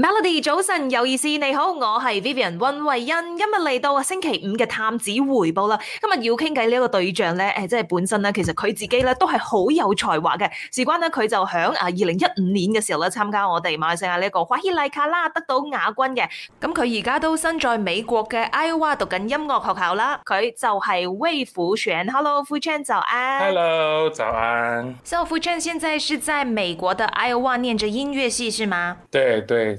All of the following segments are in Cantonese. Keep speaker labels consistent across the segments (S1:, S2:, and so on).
S1: Melody，早晨有意思，你好，我係 Vivian 溫慧欣，今日嚟到星期五嘅探子回報啦。今日要傾偈呢一個對象咧，誒，即係本身咧，其實佢自己咧都係好有才華嘅。事關咧，佢就響啊二零一五年嘅時候咧，參加我哋馬來西亞呢一個瓦爾麗卡啦，得到亞軍嘅。咁佢而家都身在美國嘅 Iowa 讀緊音樂學校啦。佢就係 Wavechun，Hello Wavechun 早安。Hello，
S2: 早安。
S1: So Wavechun 現在是在美國的 Iowa 念着音樂系，是嗎？
S2: 對對。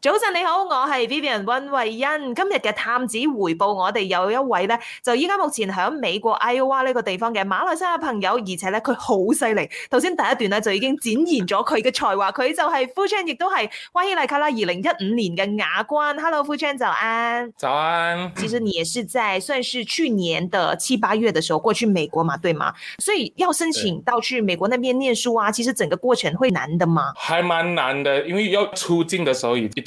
S1: 早晨你好，我係 Vivian 溫慧欣。今日嘅探子回報，我哋有一位咧，就依家目前喺美國 Iowa 呢個地方嘅馬來西亞朋友，而且咧佢好犀利。頭先第一段咧就已經展現咗佢嘅才華，佢就係 Fujian，亦都係溫尼尼卡啦二零一五年嘅亞軍。Hello，Fujian，早安。早安。其實你也是在算是去年嘅七八月嘅時候過去美國嘛，對嗎？所以要申請到去美國那邊念書啊，其實整個過程會難的嗎？
S2: 還蠻難的，因為要出境嘅時候已經。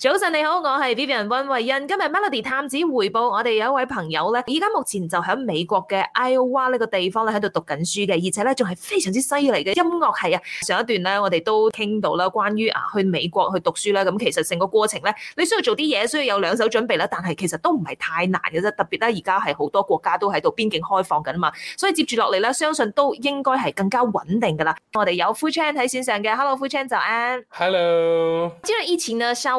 S1: 早晨你好，我係 Vivian 溫慧欣。今日 Melody 探子回報，我哋有一位朋友咧，而家目前就喺美國嘅 Iowa 呢個地方咧，喺度讀緊書嘅，而且咧仲係非常之犀利嘅音樂系啊。上一段咧，我哋都傾到啦，關於啊去美國去讀書啦。咁其實成個過程咧，你需要做啲嘢，需要有兩手準備啦。但係其實都唔係太難嘅啫，特別咧而家係好多國家都喺度邊境開放緊嘛，所以接住落嚟咧，相信都應該係更加穩定噶啦。我哋有 f u c h i n 喺線上嘅，Hello f u c h i n 就安。Hello。知道以前呢稍